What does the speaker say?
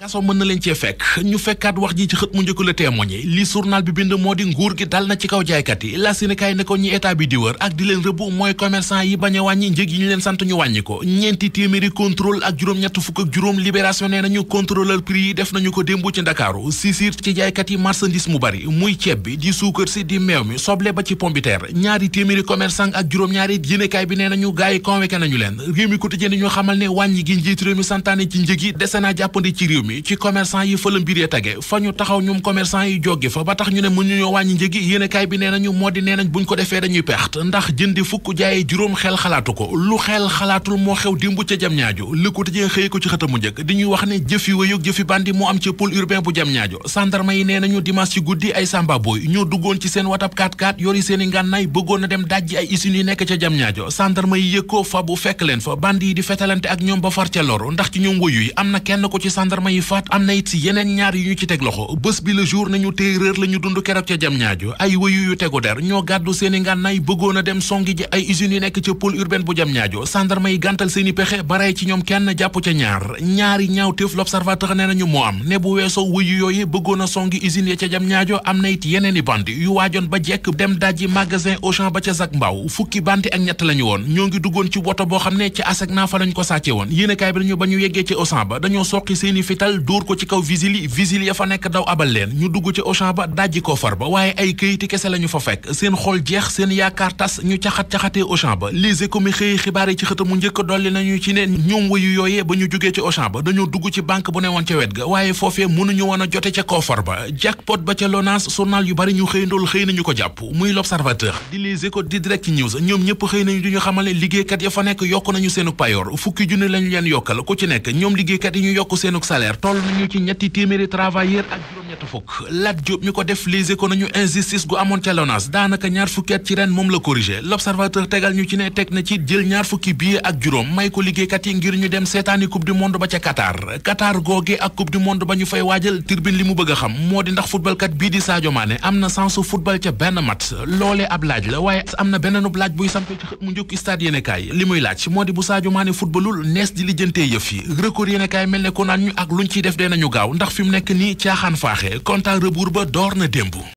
kaso mën na leen cee fekk ñu fekkaat wax ji ci xët mu njëkk la témoigné li journal bi bind moo di nguur gi dal na ci kaw jaaykat yi la sinekaay ne ko ñi état bi di wër ak di leen rëbb mooy commerçant yi bañ wàññi njëg yi ñu leen sant ñu wàññi ko ñeenti téeméeri contrôle ak juróom-ñett fukk ak juróom libération nee ñu contrôleur prix yi def nañu ko démb ci ndakaaru sisir ci jaaykat yi marchandise mu bari muy ceeb bi di suukar si di meew mi soble ba ci pombiteer ñaari téeméeri commerçant ak juróom-ñaari yéenekaay bi nee nañu gars yi convoqué nañu leen réew mi quotidien ñu xamal ne wàññi gi ci njëg yi dese naa jàppandi ci réew mi mi ci commerçant yi fa la mbir ya tege fa ñu taxaw ñum commerçant yi jóge fa ba tax ñu ne mënu ñoo wàññi njëgi yéenekaay bi nee nañu moo di nee nañ buñ ko defee dañuy perte ndax jëndi fukk jaaye juróom xel xalaatu ko lu xel xalaatul moo xew dimbu ca jam ñaajo ko tëjee xëy ko ci xëtamu njëkk di ñuy wax ne jëfi wéyug jëfi bandi moo am ci pôle urbain bu jam ñaajo yi nee nañu dimanche ci guddi ay samba ñoo duggoon ci seen watab 4 x yori i ngànnaay bëggoon na dem dajji ay yi nekk ca jam ñaajo sandarma yi yëg ko ñuy faat am na it yeneen ñaar yu ñu ci teg loxo bés bi le jour nañu tey réer ñu dund keroog ca jam ñaajo ay wëyu yu tegu der ñoo gàddu seen i ngànnaay bëggoon dem songi ay usines yu nekk ca pôle bu jam ñaajo sandarma yi gàntal seeni i pexe baray ci ñoom kenn jàpp ca ñaar ñaari ñaaw téef l'observateur nee nañu moo am ne bu weesoo wëyu yooyu bëggoon a songi usines ya ca jam ñaajo am na it yeneen i bandi yu waajoon ba jekk dem dajji magasin Auchan ba ca Zac Mbao fukki bandi ak ñett lañu woon ñoo ngi duggoon ci woto boo xam ne ca asek naa ko sàcce woon yéenekaay bi ba ñu yeggee ci Auchan ba dal dóor ko ci kaw vigile vigile ya fa nekk daw abal leen ñu dugg ci Auchan ba dajji ko far ba waaye ay këyiti kese la ñu fa fekk seen xool jeex seen yaakaar tas ñu caxat-caxatee Auchan ba Les Échos mi xëyi xibaar yi ci xët mu njëkk dolli nañu ci ne ñoom wayu yooyee ba ñu jógee ci Auchan ba dañoo dugg ci banque bu ne woon ca wet ga waaye foofee mënuñu woon a jote ca koofar ba jackpot ba ca Lonase journal yu bari ñu xëy ndool xëy nañu ko jàpp muy L'Observateur di Les Échos di Direct News ñoom ñëpp xëy nañu di ñu xamal ne liggéeykat ya fa nekk yokk nañu seenu payoor fukki junni lañu leen yokkal ku ci nekk ñoom liggéeykat yi ñu yokk seenuk salaire toll nañu ci ñetti téeméeri travailleur ak ñett fukk Lat Diop ko def les économies ñu injustice gu amoon ca LONASE daanaka ñaar fukki at ci ren moom la corrigé l'observateur tegal ñu ci ne teg na ci jël ñaar fukki billet ak juróom may ko liggéeykat yi ngir ñu dem seetaani coupe du monde ba ca Qatar Qatar googe ak coupe du monde ba ñu fay waajal tribune li mu bëgg a xam moo di ndax footballkat bii di Sadio Mané am na sensu football ca benn match loolee ab laaj la waaye am na beneenub laaj buy sampe ci xët mu njëkk stade yéenekaay li muy laaj moo di bu Sadio Mané footballul nees di lijjantee yëf yi record yéenekaay mel ne ko naan ñu ak luñ def dee nañu gaaw ndax fi mu nekk nii caaxaan baaxee compte à rebours ba door na démb